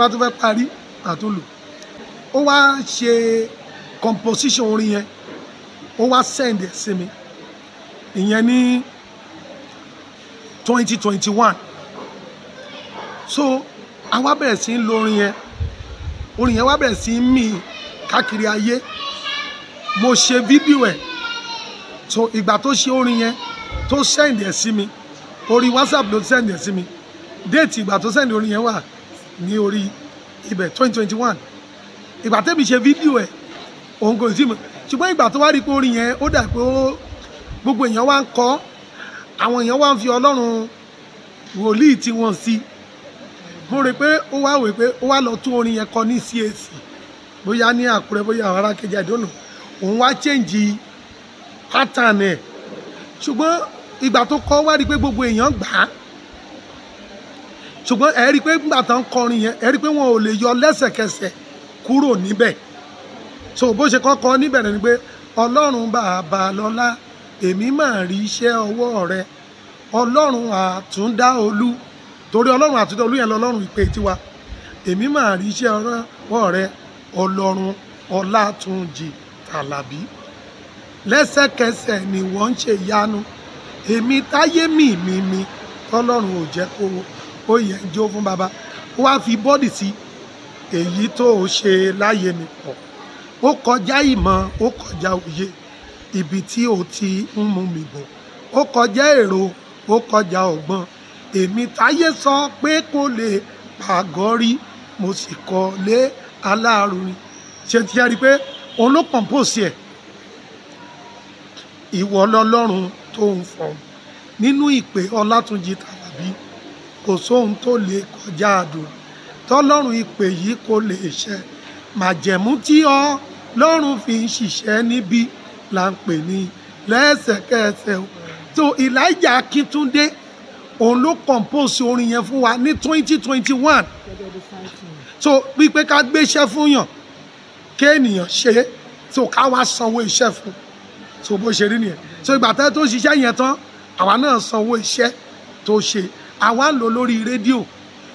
bá tún fẹ́ parí àtúnlò ó wá ṣe composition orin yẹn ó wá send ẹ̀ sí mi ìyẹn ní twenty twenty one so àwa bẹ̀rẹ̀ sí ń lo orin yẹn orin yẹn wá bẹ̀rẹ̀ sí ń mì káàkiri ayé mo ṣe fídíò ẹ̀ so ìgbà tó ṣe orin yẹn tó send ẹ̀ sí mi orí whatsapp ló send ẹ̀ sí mi déètì ìgbà tó send orin yẹn wà ní orí ibẹ̀ twenty twenty one ìgbà tẹ́mi ṣe fídíò ẹ̀ òun kò sí mi ṣùgbọ́n ìgbà tó wá rí i pé orin yẹn ó dà pé ó gbogbo èèyàn wá ń kọ àwọn èèyàn wá ń fi ọlọ́run wòlíì tí wọ́n sí mo rò pé ó wá wò pé ó wá lọ tún orin yẹn kọ ní CAC bóyá ní Àkúrẹ́ bóyá àwọn ará kejì àdónù òun wá chẹ́ǹjì pátánì ẹ̀ ṣùgbọ́n ìgbà tó kọ wá rí i pé gbogbo èèyàn gbà á ṣùgbọ́n ẹ rí i pé nígbà tó ń kọrin yẹn ẹ rí i pé wọn ò lè yọ lẹ́sẹ̀kẹsẹ̀ kúrò níbẹ̀ so bó ṣe kọ́kọ́ níbẹ̀rẹ̀ ni pé ọlọ́run bàbá lọ́lá èmi máa rí iṣẹ́ ọwọ́ rẹ ọlọ́run àtúndá olú torí ọlọ́run àtúndá olú yẹn lọ́lọ́run ìpè tiwa èmi máa rí iṣẹ́ ọwọ́ rẹ ọlọ́run ọlátúnjì tàlàbí lẹ́sẹ̀kẹsẹ̀ ni wọ́n ń ṣe ìyanu èmi táyé mì mí mi tọ́lọ́run ò jẹ́ kó o ó yẹ ń jó fún baba ó wá fi bọ́ọ̀dì sí èyí tó o ṣe láyé mi pọ̀ ó kọjá ìmọ̀ ó kọjá òye ibi tí o ti ń mú mi bọ̀ ó kọjá èrò ó kọjá ọgbọ́n èmi táyé sọ pé kò lè pàgọ́ rí mo sì kọ́ lé aláàrúni ṣe ti yára pé òun ló compose ẹ̀ ìwọ lọlọ́run tó ń fọ̀ nínú ìpè Ọlátúnjí Tàlàbí kò sóhun tó lè kọjá àdó tọ́lọ́run ìpè yìí kò lè ṣẹ màjẹ̀mú tí Ọlọ́run fi ń ṣiṣẹ́ níbí là ń pè ní lẹ́sẹ̀kẹsẹ̀ o tó Elijah Akíntúndé òun ló compose orin yẹn fún wa ní twenty twenty one so wípé ká gbéṣẹ́ fún yàn kéènìyàn ṣe é so ká wá sanwó iṣẹ́ fún so bó ṣe rí nìyẹn so ìgbà tó ṣiṣẹ́ yẹn tán àwa náà sanwó iṣẹ́ tó ṣe àwa ń lò lórí rédíò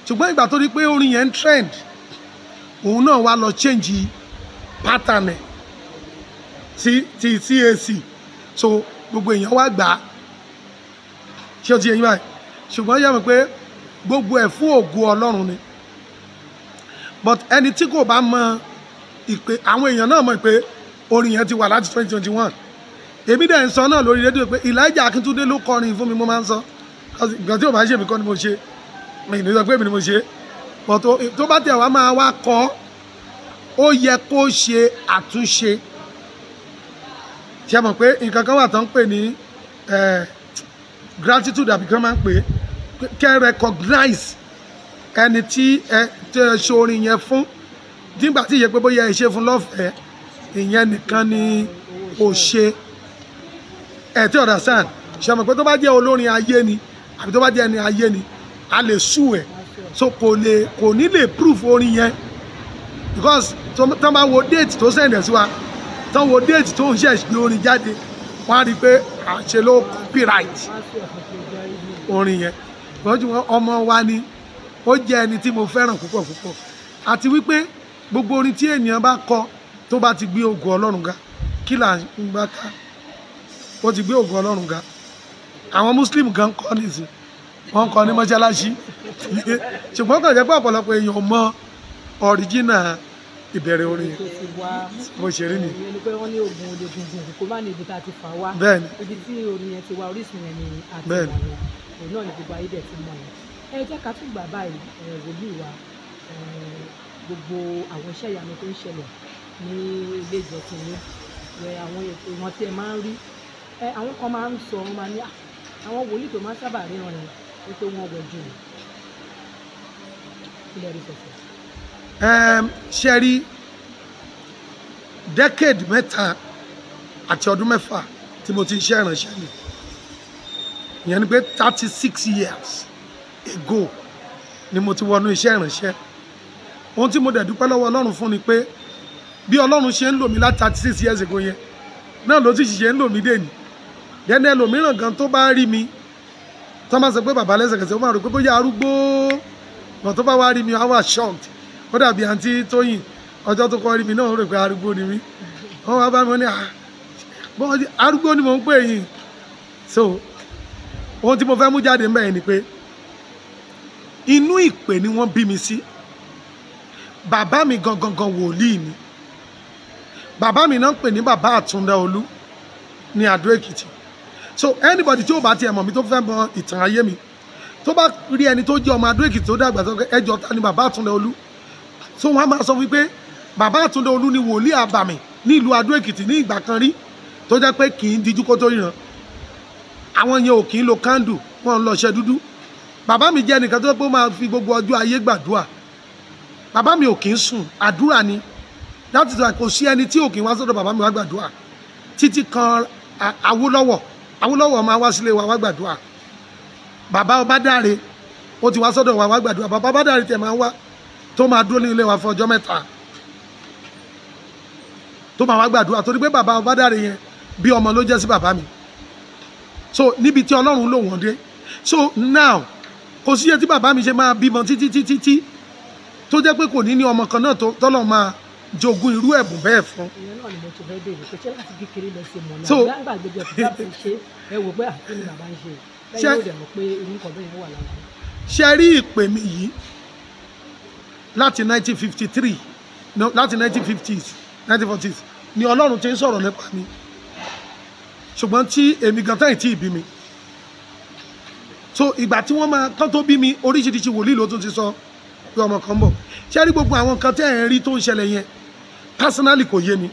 ṣùgbọ́n ìgbà tó rí pé orin yẹn ń trend òun náà wá lọ change pattern ẹ̀ ti ti CAC so gbogbo èèyàn wá gbà á ṣé o ti yẹn báyìí ṣùgbọ́n yẹ mi pé gbogbo ẹ̀ fún ògo Ọlọ́run ni but ẹni tí kò bá mọ ìpè àwọn èèyàn náà mọ̀ pé orin yẹn ti wà láti twenty twenty one èmi dẹ̀ ń sọ náà lórí rédíò pé Elijah Akíntúndé ló kọrin fún mi mo máa ń sọ ìgbà tí ò bá ṣe mí kọ́ ni mo ṣe mi ní sọ pé mi ni mo ṣe but tó bá tẹ̀ wá máa wá kọ́ ó yẹ kó ṣe àtúnṣe ṣe mọ̀ pé nǹkan kan wà tó ń pè ní gratitude àbí kan máa ń pè kẹ́ recognize ẹni tí ẹ ṣe orin yẹn fún nígbà tí ìyẹn pé bóyá ẹ ṣe fún lọ́fẹ̀ẹ́ ìyẹn nìkan ni ò ṣe ẹ̀ tí understand ṣe mọ̀ pé tó bá jẹ́ olórin ayé ni àbí tó bá jẹ́ ẹni ayé ni a lè sú ẹ̀ so kò lè kò ní lè proof orin yẹn because tán bá wo déètì tó sẹ̀ǹdẹ̀ sí wa tán wo déètì tó ń ṣẹ̀ gbé orin jáde wọ́n á rí i pé àṣẹ ló copyright orin yẹn lọ́jọ́ ọmọ wa ni ó jẹ́ ẹni tí mo fẹ́ràn púpọ̀ púpọ̀ àti wípé gbogbo orin tí ènìyàn bá kọ tó bá ti gbé ògo Ọlọ́run ga kí là ń gbá ká ó ti gbé ògo Ọlọ́run ga àwọn muslim gan kọ́ nìsí wọ́n kọ́ ní mọ́ṣáláṣí ṣùgbọ́n kàn jẹ́ pé ọ̀pọ̀lọpọ̀ èèyàn mọ ọ̀ríjìnà ìbẹ̀rẹ̀ orin mo ṣe rí ni. ẹni pé wọ́n ní oògùn olè gungun kó má ní ibi tá a ti fà wá ibi tí ni àti ìwà wọn òun náà ni gbogbo ayé dẹ̀ ti mọ̀ yẹn. ẹ jẹ́ ká tún gbà báyìí wòlíì wa gbogbo àwọn iṣẹ́ ìyanu tó ń ṣẹlẹ̀ ní ilé ìjọsìn yẹn àwọn èèyàn tí ẹ máa ń rí àwọn kan máa ń sọ wọn máa ní ah, àwọn wòlíì tó máa ń sábà ríran rẹ̀ ó pé wọ́n wẹ̀ jù ilẹ̀ rí decade mẹ́ta àti ọdún mẹ́fà tí mo ti ń ṣe ìrànṣẹ́ mi ìyẹn ni pé thirty six years ago ni mo ti wọnú iṣẹ́ ìrànṣẹ́ ohun tí mo dẹ̀ dúpẹ́ lọ́wọ́ ọlọ́run fún ni pé bí ọlọ́run ṣe ń lò mí láti thirty six years ago yẹn náà ló ti ṣiṣẹ́ ń lò mí dé ni dẹ́nu ẹlòmíràn gan tó bá rí mi tó máa sọ pé bàbá lẹ́sẹ̀kẹsẹ̀ ó máa rò pé bóyá arúgbó mọ̀ tó bá wá rí mi á wà shocked ó dàbí àǹtí tóyìn ọjọ́ tó kọ́ rí mi náà ó rò pé arúgbó ni mí wọ́n wá bá mi wọ́n ní ah, arúgbó ni mò ń pè yín so ohun tí mo fẹ́ mú jáde mẹ́rin ni pé inú ìpè ni wọ́n bí mi sí bàbá mi gangan gan wòlíì ni bàbá mi náà ń pè ní bàbá àtúndá olú ní Adó Èkìtì so anybody tí ó bá tiẹ̀ mọ̀ mi tó fẹ́ mọ ìtàn ayé mi tó bá rí ẹni tó jẹ́ ọmọ Adó Èkìtì tó dàgbà tó ẹjọ́ ta ni bàbá Àtúndé Olú so wọ́n á máa sọ wípé bàbá Àtúndé Olú ni wòlíì àbàmì ní ìlú Adó Èkìtì ní ìgbà kan rí tó jẹ́ pé kì í dijú kó tó ríran àwọn yẹn ò kì í lo kándù wọn ń lọ ṣe dúdú bàbá mi jẹ́ ẹnìkan tó pé ó máa fi gbogbo ọjọ́ ayé gbàdúrà bàbá mi ò kì í sùn àdúrà ni láti sọ kò sí ẹni tí ò kì í wá sọ́dọ̀ bàbá mi wá gbàdúrà títí kan Awólọ́wọ̀ Awólọ́wọ̀ máa wá sílé wa wá gbàdúrà bàbá Ọbádáre ó ti wá sọ́dọ̀ wa wá gbàdúrà bàbá Ọbádáre tiẹ̀ máa wá tó máa dúró ní ilé wa fún ọjọ́ mẹ́ta tó máa wá gbàdúrà torí pé bàbá Ọbádáre yẹn bí ọmọ ló jẹ́ sí bàbá mi so níbi tí Ọlọ́run lò wọ́n dé so now kò sí iye tí bàbá mi ṣe máa bímọ títí títí tí tó jẹ́ pé kò ní ní ọmọ kan náà tọ́lọ́ máa jogún irú ẹ̀bùn bẹ́ẹ̀ fún. ìyẹn ṣe rí ìpè mi yìí láti 1953 no láti 1950s 1940s ni ọlọ́run ti ń sọ̀rọ̀ nípa mi ṣùgbọ́n tí èmi gan tán ìtì ìbí mi so ìgbà tí wọ́n máa kán tó bí mi oríṣiríṣi wòlíì ló tún ti sọ so pé ọmọ kan bọ̀ ṣé rí gbogbo àwọn nǹkan tẹ́ ẹ̀ ń rí tó ń ṣẹlẹ̀ yẹn personally kò yé mi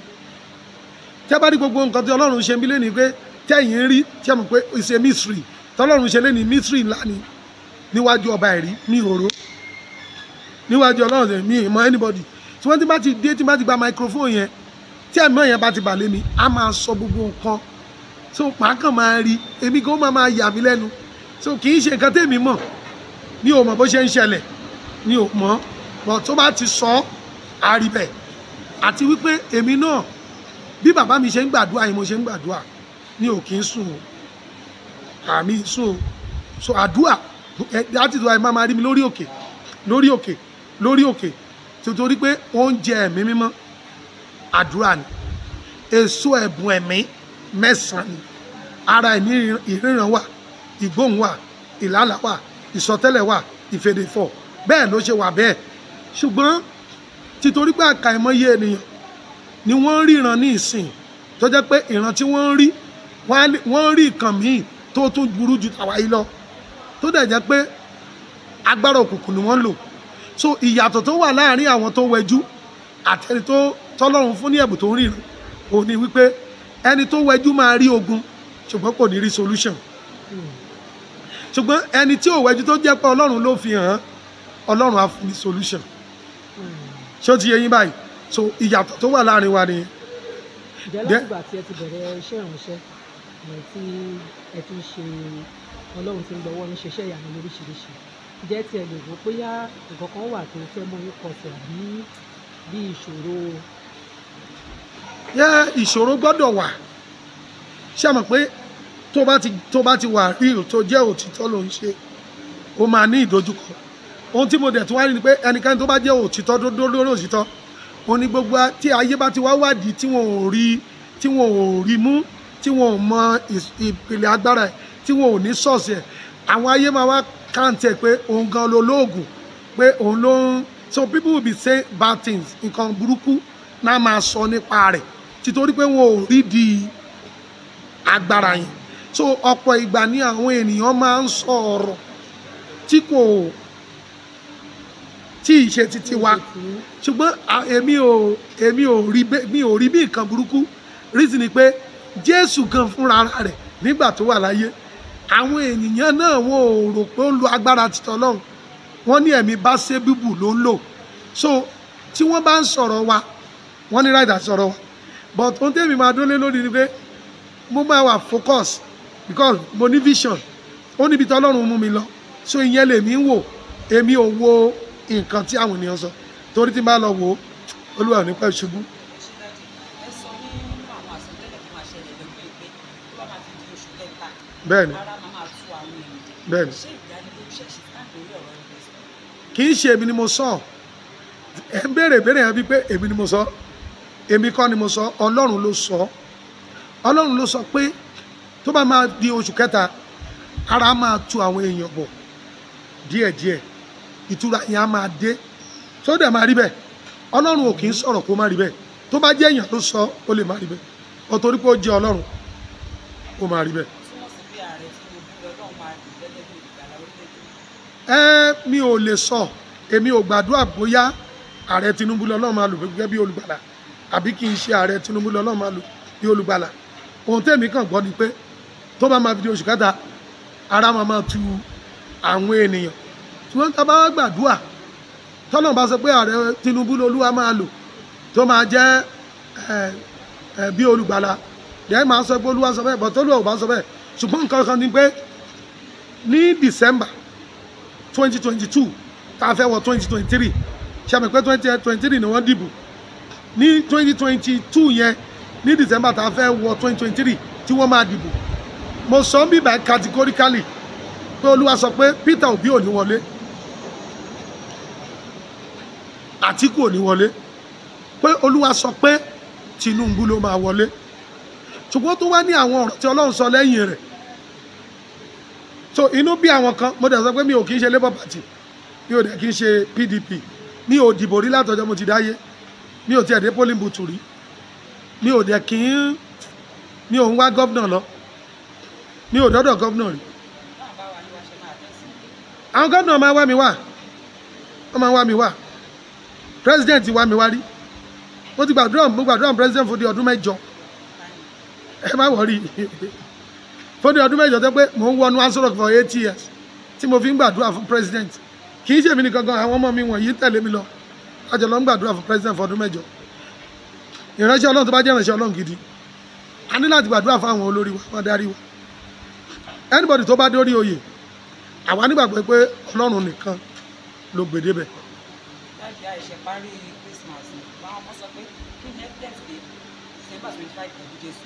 tẹ́ bá rí gbogbo nǹkan tí ọlọ́run ṣe mí lẹ́ni pé tẹ́ ẹ̀yin ń rí tẹ́ mọ̀ pé ìṣe mystery tọ́lọ́run ṣe lẹ́ni mystery ńlá ni níwájú ọba ẹ̀rí mi òró níwájú ọlọ́run ṣe mi ìmọ̀ anybody tí wọ́n ti bá ti dé tí bá ti gba microphone yẹn tí ẹ̀mí yẹn bá ti bà lé mi a máa sọ gbogbo nǹkan so pàákàn máa rí èmi gan máa yà mí lẹ́nu so kì í ṣe nǹkan tèmi mọ̀ mi ò mọ̀ bó ṣe ń ṣẹlẹ̀ ni ò mọ́ bọ̀ tó bá ti sọ àríbẹ̀ àti wípé èmi náà bí bàbá mi ṣe ń gbàdúrà yìí mo ṣe ń gbàdúrà ni ò kí ń sùn o àmì sùn o so àdúrà láti tó ẹ máa máa rí mi lórí òkè lórí òkè lórí òkè nítorí pé oúnjẹ ẹ̀mí mímọ́ àdúrà ni èso ẹ̀bùn ẹ̀mí mẹ́sàn-án ni ara ẹ̀mí ìríran wà ìgbóhùn wà ìlàlà wà ìsọtẹ́lẹ̀ wà ìfèdèfọ̀ bẹ́ẹ̀ ló ṣe wà bẹ́ẹ̀ ṣùgbọ́n títorí pé àkàìmọye ènìyàn ni wọ́n ń ríran ní ìsìn tó jẹ́ pé ìran tí wọ́n ń rí wọ́n ń rí nǹkan míì tó tún burú ju tàwa yìí lọ tó dẹ̀ jẹ́ pé agbára òkùnkùn ni wọ́n lò so ìyàtọ̀ tó wà láàárín àwọn tó wẹjú àtẹni tó tọ́lọ́run fún ní ẹ̀bùn tó ń ríran òun ni wípé ẹni tó wẹjú máa rí ogun ṣùgbọ́n kò ní rí solution ṣùgbọ́n ẹni tí ò wẹjú tó jẹ́ pé ọlọ́run ló fi hàn án ọlọ́run á fún ní solution ṣé o ti yé yín báyìí so ìyàtọ̀ tó wà láàrin wa ni. ìjẹ́ látìgbà tí ẹ ti bẹ̀rẹ̀ iṣẹ́ ìránṣẹ́ ẹ̀ tí ẹ ti ń ṣe ọlọ́run ti ń gbọ́wọ́ ní ṣiṣẹ́ ìyàwó lóríṣiríṣi ìjẹ́ tí ẹ lè wò bóyá nǹkan kan wà tó fẹ́ mọ yín kọsẹ̀ àbí bí ìṣòro. yẹ ìṣòro gbọ́dọ̀ wà ṣé mọ̀ pé tó bá ti wà real tó jẹ́ òtítọ́ ló ń ṣe ó máa ní ìdojúkọ ohun tí mo dẹ̀ tún wá rí ni pé ẹnikẹ́ni tó bá jẹ́ òtítọ́ dódó lórí òtítọ́ òun ni gbogbo tí ayé bá ti wá wádìí tí wọn ò rí tí wọn ò rí mú tí wọn ò mọ ìpìlẹ̀ agbára ẹ̀ tí wọn ò ní sọ̀ọ̀sì ẹ̀ àwọn ayé máa wá káǹtì ẹ̀ pé òun gan ló lóògùn pé òun ló ń so people will be say bad things nǹkan burúkú náà máa sọ nípa rẹ̀ títorí pé wọn ò rí di agbára yẹn so ọ̀pọ̀ ìgbà ni àwọn ènìyàn máa ń sọ ọ̀rọ̀ tí kò tí ì titi wa ṣùgbọ́n èmi ò èmi ò rí mi ò rí bí nǹkan burúkú reason ni pé Jésù gan fúnra rẹ̀ nígbà tó wà láyé àwọn ènìyàn náà wọn ò rò pé ó ń lo agbára títọ́ lọ́hùn wọ́n ní ẹ̀mí bá ṣe bíbù ló ń lò so tí wọ́n bá ń sọ̀rọ̀ wa wọ́n ní ráìdà sọ̀rọ̀ wa but ohun tẹ́mi máa dúró lé lórí ni pé mo máa wà focus because mo ní vision ó níbi tí Ọlọ́run mú mi lọ so ìyẹn lèmi ń wò èmi ò wo nǹkan tí àwọn ènìyàn sọ torí tí n bá lọ wò ó olúwa ò ní pẹ́ ṣubú. bẹ́ẹ̀ni bẹ́ẹ̀ni kì í ṣe èmi ni mo sọ ẹ ń béèrè ìbéèrè yẹn bíi pé èmi ni mo sọ èmi kọ́ ni mo sọ ọlọ́run ló sọ ọlọ́run ló sọ pé tó bá máa di oṣù kẹta ara máa tu àwọn èèyàn bọ̀ díẹ̀díẹ̀ ìtura yẹn á máa dé tó dẹ̀ máa rí bẹ́ẹ̀ ọlọ́run ò kì í sọ̀rọ̀ kó má rí bẹ́ẹ̀ tó bá jẹ́ èèyàn ló sọ ó lè má rí bẹ́ẹ̀ ọ torí pé ó jẹ́ ọlọ́run ó máa rí bẹ́ẹ̀. ẹ mi ò lè sọ èmi ò gbàdúrà bóyá ààrẹ Tinubu lọ́lọ́run máa lò gẹ́gẹ́ bí olùgbàlà àbí kì í ṣe ààrẹ Tinubu lọ́lọ́run máa lò bí olùgbàlà ohun tẹ̀mí kàn gbọ́ ni pé tó bá máa fi di oṣù kẹta ara máa máa tu àwọn ènìyàn ṣùgbọ́n tá a bá wá gbàdúrà tọ́lọ́n bá sọ pé ààrẹ Tinubu lolúwa máa lò tó máa jẹ́ bí olùgbàlà lẹ́yìn máa sọ pé olúwa sọ bẹ́ẹ̀ bọ́tọ́ olúwa ò bá sọ bẹ́ẹ̀ ṣùgbọ́n nǹkan kan ni pé ní December twenty twenty two tá a fẹ́ wọ twenty twenty three ṣàmì pé twenty twenty three ni wọ́n dìbò ní twenty twenty two yẹn ní December tá a fẹ́ wọ twenty twenty three tí wọ́n máa dìbò mo sọ ń bíbá categorically pé olúwa sọ pé Peter Obi ò ní wọlé Àtíkù ò ní wọlé pé Olúwa sọ pé Tinubu ló máa wọlé ṣùgbọ́n tó wá ní àwọn ọ̀rọ̀ tí Ọlọ́run sọ lẹ́yìn rẹ̀ so inú bí àwọn kan mo dẹ̀ sọ pé mi ò kì í ṣe Labour Party mi ò dẹ̀ kì í ṣe PDP mi ò dìbò rí látọjọ́ mo ti dáyé mi ò tiẹ̀ dé polling booth rí mi ò dẹ̀ kì í mi ò ń wá gọ́vnà lọ mi ò dọ́dọ̀ gọ́vnà rí àwọn gọ́vnà máa wá mi wá wọ́n máa wá mi wá president wa mi wá rí mo ti gbàdúrà mo gbàdúrà president fún di ọdún mẹ́jọ ẹ má wọrí fún di ọdún mẹ́jọ tẹ́ pé mò ń wọnú asọ́rọ̀ for eight years tí mo fi ń gbàdúrà fún president kì í ṣèmi nìkan gan àwọn ọmọ mi wọ̀nyí ń tẹ̀lé mi lọ àjọ lọ ń gbàdúrà fún president fún ọdún mẹ́jọ ìránṣẹ́ ọlọ́run tó bá jẹ́ ìránṣẹ́ ọlọ́run gidi a ní láti gbàdúrà fún àwọn olórí wa wọn darí wa anybody tó bá dórí oyè àwa nígbàgbọ́ pé ọlọ́run nìkan ló gbèdébẹ̀ bí a ṣe parí Christmas ni báwọn kan sọ pé kí ni evidence dé December twenty five pẹ̀lú Jésù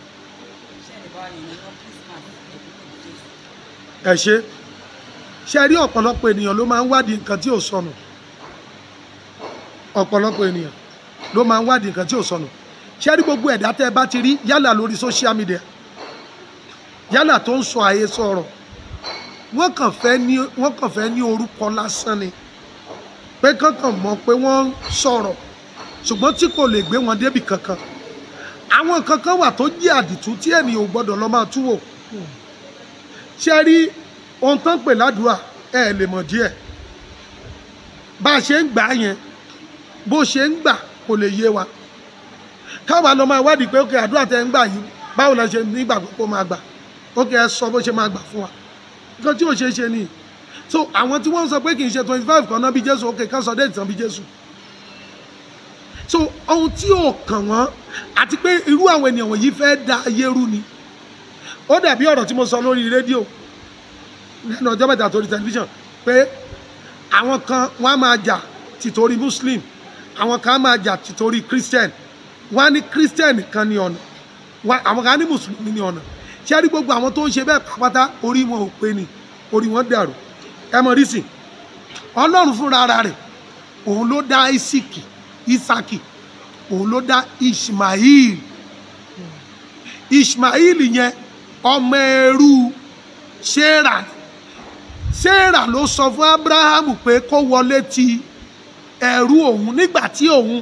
ṣé ẹ̀rẹ̀ bá yẹn nínú Christmas pẹ̀lú Jésù. ẹ ṣe ṣe rí ọ̀pọ̀lọpọ̀ ènìyàn ló máa ń wádìí nǹkan tí ò sọnù ọ̀pọ̀lọpọ̀ ènìyàn ló máa ń wádìí nǹkan tí ò sọnù ṣe rí gbogbo ẹ̀dá tẹ́ ẹ bá ti rí yálà lórí social media yálà tó ń sọ àhesọ ọ̀rọ̀ wọ́n kàn fẹ́ ní orúkọ lásán ni pé kankan mọ̀ pé wọ́n ń sọ̀rọ̀ ṣùgbọ́n tí kò lè gbé wọn débì kankan àwọn kankan wà tó jẹ́ àdìtú tí ènìyàn ò gbọ́dọ̀ lọ máa túwò ṣe rí ohun tán pè ládùúà ẹ lè mọ̀ díẹ̀ bá a ṣe ń gbà yẹn bó ṣe ń gbà kò lè yé wa káwa lọ máa wádìí pé ókè àdúrà tẹ ń gbà yìí báwo la ṣe nígbàgbọ́ kó máa gbà ókè ẹ sọ bó ṣe máa gbà fún wa nǹkan tí ò ṣeé ṣe nìyí so àwọn tí wọ́n sọ pé kì í ṣe twenty five kan náà bí jésù ok kan sọ déètì tán bí jésù so ohun tí ò kàn wọ́n àti pé irú àwọn ènìyàn wọ̀nyí fẹ́ da ayé rú ni ó dàbí ọ̀rọ̀ tí mo sọ lórí rédíò lẹ́nu ọjọ́ mẹ́ta torí tẹlifíṣàn pé àwọn kan wọ́n á máa jà tìtorí muslim àwọn kan á máa jà tìtorí christian wọ́n á ní christian kan ní ọ̀nà àwọn kan á ní mùsùlùmí ní ọ̀nà ṣé rí gbogbo àwọn tó ń ṣe bẹ́ẹ̀ pápátá orí wọn ò pé ni orí wọn dàrú ẹ mọ̀ rísì ọlọ́run fúnra ara rẹ̀ òun ló dá isiki isaki òun ló dá ishmael ishmael yẹn ọmọ ẹrú sarah sarah ló sọ fún abrahamu pé kó wọlé ti ẹrú òun nígbà tí òun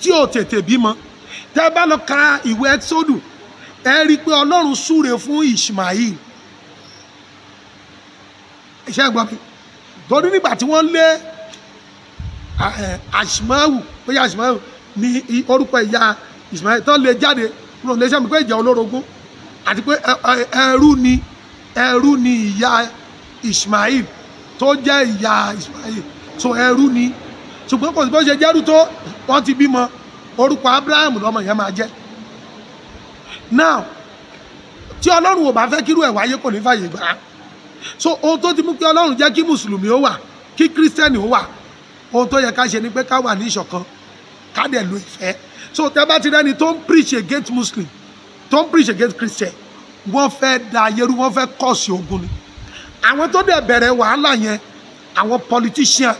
tí ò tètè bímọ tẹ́ bá lọ ka ìwé ẹsódù ẹ rí i pé ọlọ́run súre fún ishmael iṣẹ́ ẹ̀gbọ́n mi torí nígbà tí wọ́n lé àṣìmáwù pé àṣìmáwù ni orúkọ ìyá ìsìmáyé tán lè jáde kúrò léṣẹ́ mi pé ìjà olórogún àti pé ẹrú ni ẹrú ni ìyá ìsìmáyé tó jẹ́ ìyá ìsìmáyé so ẹrú ni ṣùgbọ́n kò sí bó ṣe jẹ́rú tó wọ́n ti bímọ orúkọ abraham lọ́mọ yẹn máa jẹ́ now tí ọlọ́run ò bá fẹ́ kírú ẹ̀ wáyé kò ní fàyè gbà á so ohun tó ti mú pé ọlọ́run jẹ́ kí mùsùlùmí ó wà kí kírísítẹ́nì ó wà ohun tó yẹ ká ṣe ni pé ká wà ní ìṣọ̀kan ká dẹ̀ lo ìfẹ́ so tẹ́ bá ti rẹ́ni tó ń preach against muslim tó ń preach against christian wọ́n fẹ́ da ayéru wọ́n fẹ́ kọ́ọ̀sì ogun ni àwọn tó dẹ̀ bẹ̀rẹ̀ wàhálà yẹn àwọn politician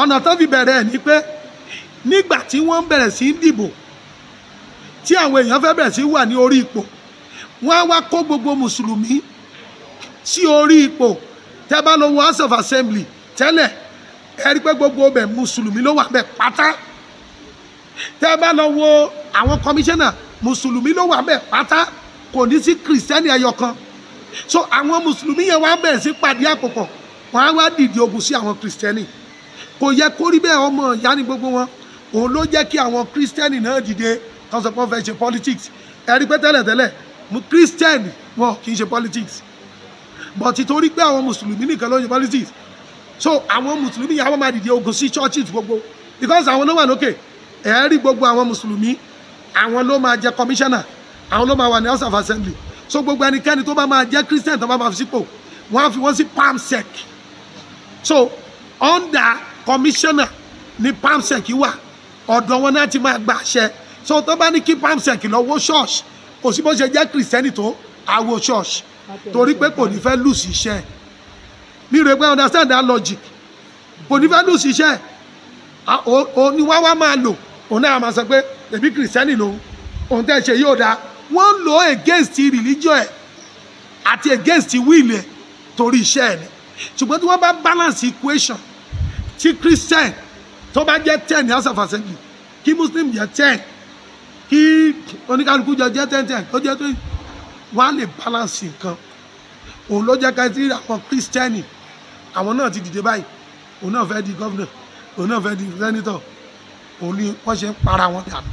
ọ̀nà tó fi bẹ̀rẹ̀ ẹ̀ ni pé nígbà tí wọ́n bẹ̀rẹ̀ sí í dìbò tí àwọn èèyàn fẹ́ bẹ̀rẹ̀ sí í wà ní orí ipò wọ́n á wá kó gbogbo mùsùlùmí sí orí ipò tẹ́ bá house of assembly tẹ́lẹ̀ ẹ rí pé gbogbo ọbẹ̀ mùsùlùmí ló wà bẹ́ẹ̀ pátá tẹ́ bá lọ wọ àwọn kọmíṣánná mùsùlùmí ló wà bẹ́ẹ̀ pátá kò ní sí kìrìsìtẹ́nì ẹyọ so àwọn mùsùlùmí yẹn wá bẹ̀rẹ̀ sí pàdé àpòpọ̀ wọ́n á wá dìde ogun sí àwọn kìrìsìtẹ́nì kò yẹ kó rí bẹ́ẹ̀ ọmọ ìyá ni gbogbo wọn òun ló jẹ́ kí àwọn kìrìsìtẹ́nì náà dìde kan fẹ́ ṣe politics ẹ̀rí pé tẹ́lẹ̀tẹ́lẹ̀ christian wọn kì í ṣe politics but torí pé àwọn mùsùlùmí nìkan ló ń ṣe politics so àwọn mùsùlùmí yẹn àwọn máa dìde ogun sí churches gbogbo because àwọn ló wà lókè ẹ gbogbo àwọn mùsùlùmí àwọn ló máa jẹ commissioner àwọn ló máa wà ní house of assembly so gbogbo ẹnikẹ́ni tó bá máa jẹ́ christian tó bá máa fi sípò wọ́n á fi wọ́n sí palmsec so under commissioner ni palmsec wà ọ̀dọ̀ wọn náà ti máa gbà àṣẹ so tó bá ní kí palmsec lọ wó church kò sí bó ṣe jẹ́ kìrìsìtẹ́nì tó àwo church torí pé kò ní fẹ́ lùsì iṣẹ́ mi rò pé understand that logic kò ní fẹ́ lùsì iṣẹ́ òní wá wá máa lò òun náà máa sọ pé èmi kìrìsìtẹ́nì lòun òun tẹ́ ṣe yóò dáa wọ́n lò against religion ẹ̀ àti against will ẹ̀ torí iṣẹ́ ẹ̀ ni ṣùgbọ́n tí wọ́n bá balance equation tí christian tó bá jẹ́ ten ní house of assembly kí muslim jẹ́ ten kí oníkálukú jọ jẹ́ ten ten ó jẹ́ tó wá lè balance nǹkan òun ló jẹ́ ká tí àwọn kírísítẹ́nì àwọn náà ti dìde báyìí òun náà fẹ́ di gọ́vnà òun náà fẹ́ di sẹ́nitọ̀ òun ni wọ́n ṣe ń para wọn dànù.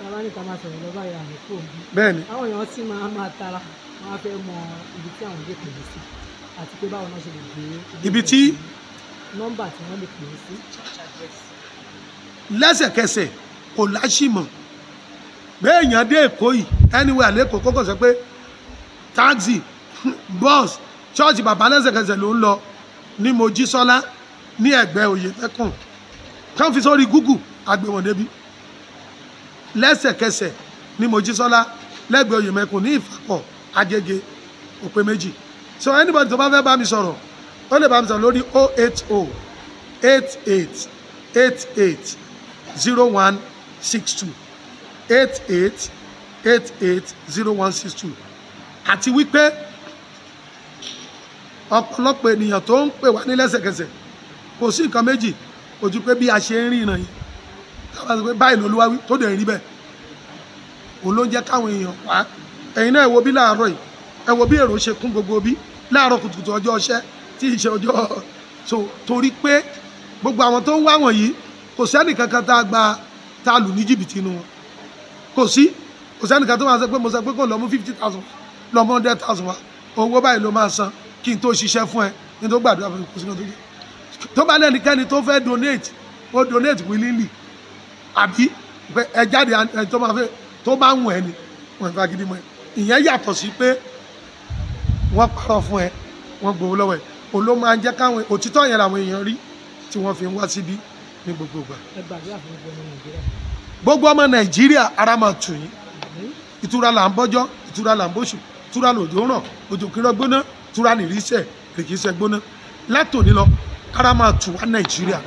bàbá ní ká máa sọ̀rọ̀ lọ́ba ìyá rẹ̀ fún òbí. bẹ́ẹ̀ni. àwọn èèyàn sì máa máa tara wọn á fẹ́ mọ ibi tí àwọn lè pèlè sí àti pé báwọn náà ṣe lè gbé. E. ibi tí. nọ́mbà tí wọ́n lè pèlè sí. lẹ́sẹ̀kẹsẹ̀ kò láṣìmọ̀ béèyàn dé èkó yìí anywhere lẹ́kọ̀ọ́ kókò sọ pé taxi bus ṣọ́ọ̀ṣì bàbá lẹ́sẹ̀kẹsẹ̀ ló ń lọ ní mojísọ́lá ní ẹ̀gbẹ́ òyetẹ́kùn kàn fi sórí google agbẹ̀wọ̀n débi lẹ́sẹ̀kẹsẹ̀ ní mojísọ́lá lẹ́gbẹ̀ẹ́ òyemẹ́kùn ní ìfàkọ̀ agége òpè méjì so anybody tó bá fẹ́ bá mi sọ̀rọ̀ ó lè bá mi sọ̀rọ̀ lórí 080 88 88 01 six two eight eight eight eight zero one six two àti wípé ọ̀pọ̀lọpọ̀ ènìyàn tó ń pè wá ní lẹ́sẹ̀kẹsẹ̀ kò sí nǹkan méjì kò ju pé bí a ṣe ń rìn ìrìn yìí tábà sọ pé báyìí lolúwa wí tó dẹ̀ rí bẹ́ẹ̀ òun ló ń jẹ́ káwọn èèyàn wá ẹ̀yin náà ẹ wo bí láàárọ̀ yìí ẹ wo bí èrò ṣe kún gbogbo bí láàárọ̀ kùtùkùtù ọjọ́ ọṣẹ́ tí ì ṣe ọjọ́ so torí pé gbogbo àwọn tó ń wá wọ̀nyí kò sẹ́nìkankan tá a gba tá a lù ní jìbìtì inú wọn kò sí kò sẹ́nìkan tó máa sọ pé mo sọ pé kò lọ mú fifty thousand lọ mú hundred thousand wa owó báyìí ló máa san kí n tó ṣiṣẹ́ fún ẹ kí n tó gbàdúrà fún kò sí kan tó jẹ tó bá lẹ́nikẹ́ni tó fẹ́ donate ó donate willingly àbí ẹ jáde ẹ tó máa fẹ́ tó bá wù ẹ ni wọn fà gidi mọ ẹ ìyẹn yàtọ̀ sí pé wọ́n parọ́ fún ẹ wọ́n gbowó lọ́wọ́ ẹ òun ló máa jẹ́ káwọn òtítọ́ yẹn làwọn èèyàn rí tí wọ́n fi ń wá síbí ní gbogbo ìgbà. ẹ gbàdúrà fún gbogbo ọmọ nàìjíríà. gbogbo ọmọ nàìjíríà ara máa tù yín ìtura là ń bọ́jọ́ ìtura là ń bóṣù ìtura lòjò ń ràn òjò kìrọ gbóná ìtura nìríṣẹ́ kìkìṣẹ́ gbóná látòní lọ kára máa tù wá nàìjíríà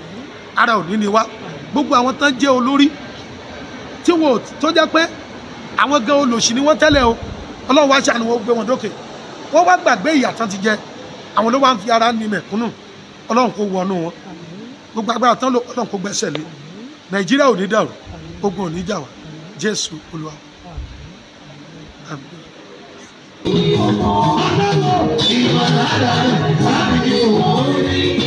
ara òní ni wá gbogbo àwọn tán jẹ́ olórí tí wọn tó jẹ́ pé àwọn gan olòṣì ni wọ́n tẹ́lẹ̀ o ọlọ́run wá ṣàánú wọn gbé wọn dókè wọ́n wá gbàgbé ìyà ti jẹ àwọn ló wá ń fi ara ní mẹ̀kúnnù ọlọ́run kò wọnú wọn gbogbo agbára tán ló Ọlọ́run kó gbẹ́sẹ̀ lé nàìjíríà ò ní dàrú ogun ò ní jà wá jésù olúwa. Ìmọ̀ràn àdáwọ̀ ìmọ̀ràn àdáwọ̀ láti ní òun rí.